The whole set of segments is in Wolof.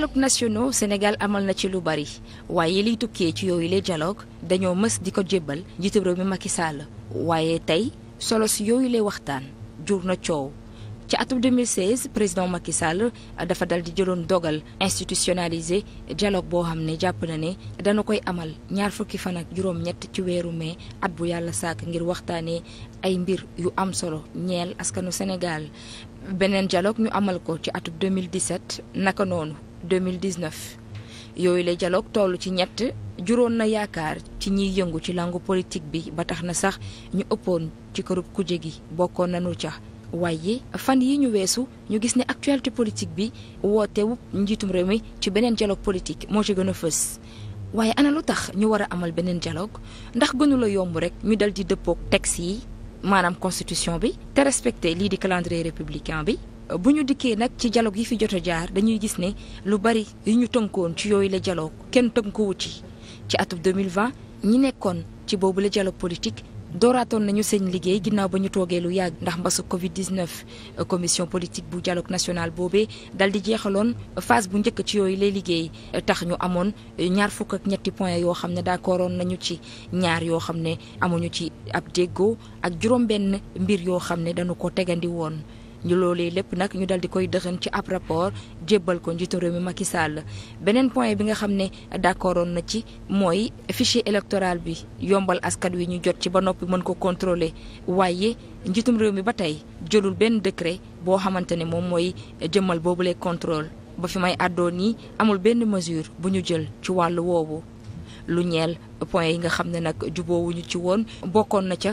dialogue nationaux Sénégal amal na ci lu bari waaye liy tukkee ci yooyu les dialogue dañoo mës di ko jébbal njiitu réew mi Macky Sall waaye tey solo si yooyu les waxtaan jur na coow ci atum 2016 président Macky Sall dafa dal di jëloon dogal institutionnaliser jaloog boo xam ne jàpp na ne dana koy amal ñaar fukki fan ak juróom-ñett ci weeru mai at bu yàlla sàkk ngir waxtaanee ay mbir yu am solo ñeel askanu Sénégal beneen jaloog ñu amal ko ci atum 2017 naka noonu. 2019 yooyu lay dialogue tollu ci ñett juróon na yaakaar ci ñiy yëngu ci langue politique bi ba tax na sax ñu ëppoon ci kërub kuje gi bokkoon nañu ca waaye fan yi ñu weesu ñu gis ni actualité politique bi wootewu njiitum réew mi ci beneen dialogue politique moo ci gën a fës waaye ana lu tax ñu war a amal beneen dialogue ndax gënu yomb rek ñu dal di dëppook texte yi maanaam constitution bi te respecté lii di calendrier républicain bi bu ñu dikkee nag ci dialogue yi fi jot jaar dañuy gis ni lu bari yi ñu tënkoon ci yooyu lay dialogue kenn tënkuwu ci ci atub 2020 ñi nekkoon ci boobu la dialogue politique dooraatoon nañu seen liggéey ginnaaw ba ñu toogee lu yàgg ndax mbasu Covid 19 euh, commission politique bu dialogue national boobee dal di jeexaloon euh, phase bu njëkk ci yooyu lay liggéey euh, tax ñu amoon ñaar fukk ak ñetti point yoo xam ne d'accordoon nañu ci ñaar yoo xam ne amuñu ci ab déggoo ak juróom mbir yoo xam ne dañu ko tegandi woon. ñu loolee lépp nag ñu dal di koy dëxën ci ab rapport jébbal ko njiitu réew mi Macky Sall beneen point bi nga xam ne d'accordoon na ci mooy fichier électoral bi yombal askan wi ñu jot ci ba noppi mën ko contrôler waaye njiitum réew mi ba tey jëlul benn décret boo xamante ne moom mooy jëmmal boobule contrôle ba fi may àddoo nii amul benn mesure bu ñu jël ci wàllu woowu lu ñeel point yi nga xam ne nag juboowuñu ci woon bokkoon na ca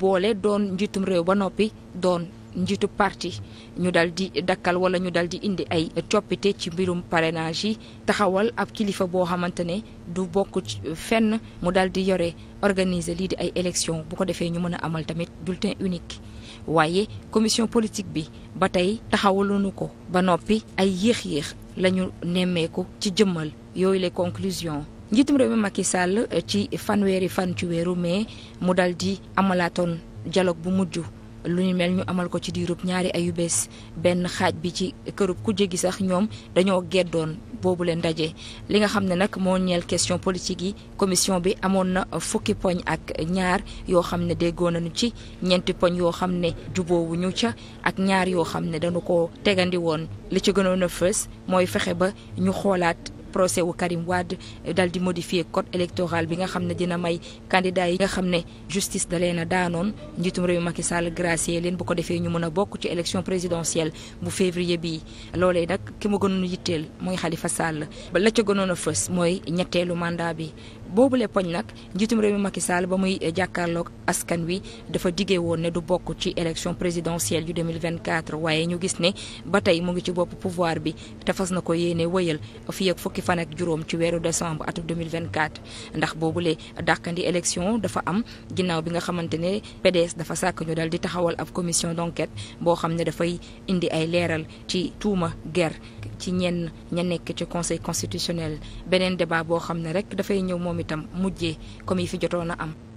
boole doon njiitum réew ba noppi doon njiitu parti ñu dal di dakkal wala ñu dal di indi ay coppite ci mbirum parrainage yi taxawal ab kilifa boo xamante ne du bokk fenn mu dal di yore organiser lii di ay élection bu ko defee ñu mën a amal tamit bulletin unique waaye commission politique bi ba tey taxawaluñu ko ba noppi ay yéex-yéex la ñu nemmeeku ci jëmmal yooyu les conclusions njiitum réew mi Macky Sall ci fanweeri fan ci weeru mai mu dal di amalaatoon jaloog bu mujj lu ñu mel ñu amal ko ci diirub ñaari ayu bés benn xaaj bi ci kër ku gi sax ñoom dañoo geddoon boobu leen ndaje li nga xam ne nag moo ñeel question politique yi commission bi amoon na fukki poñ ak ñaar yoo xam ne déggoon nañu ci ñeenti poñ yoo xam ne jubóowuñu ca ak ñaar yoo xam ne dañu ko tegandi woon li ci gënoon a fës mooy fexe ba ñu xoolaat procès wu Karim Wade eh, dal di modifier code électoral bi nga xam ne dina may candidat yi nga xam ne justice da leen a daanoon njiitum réew Macky Sall gracier leen bu ko defee ñu mën a bokk ci élection présidentielle bu février bii loolee nag ki ma mu gënoon yitteel mooy Khalifa Sall ba la ca gënoon a fës mooy ñetteelu mandat bi boobule poñ nag njiitum réew mi Macky saal ba muy jàkkaarloog askan wi dafa diggee woon ne du bokk ci élection présidentielle yu 2024 waaye ñu gis ne ba tey mu ngi ci bopp pouvoir bi te fas na ko yéene wëyal fii ak fukki fan ak juróom ci weeru décembre atum 2024 ndax boobu boobule dàkkandi élection dafa am ginnaaw bi nga xamante ne PDS dafa sàkk ñu dal di taxawal ab commission d'enquête boo xam ne dafay indi ay leeral ci tuuma guerre ci ñenn ña nekk ci conseil constitutionnel beneen débat boo xam ne rek dafay ñëw moom itam mujjee comme yi fi jotoon a am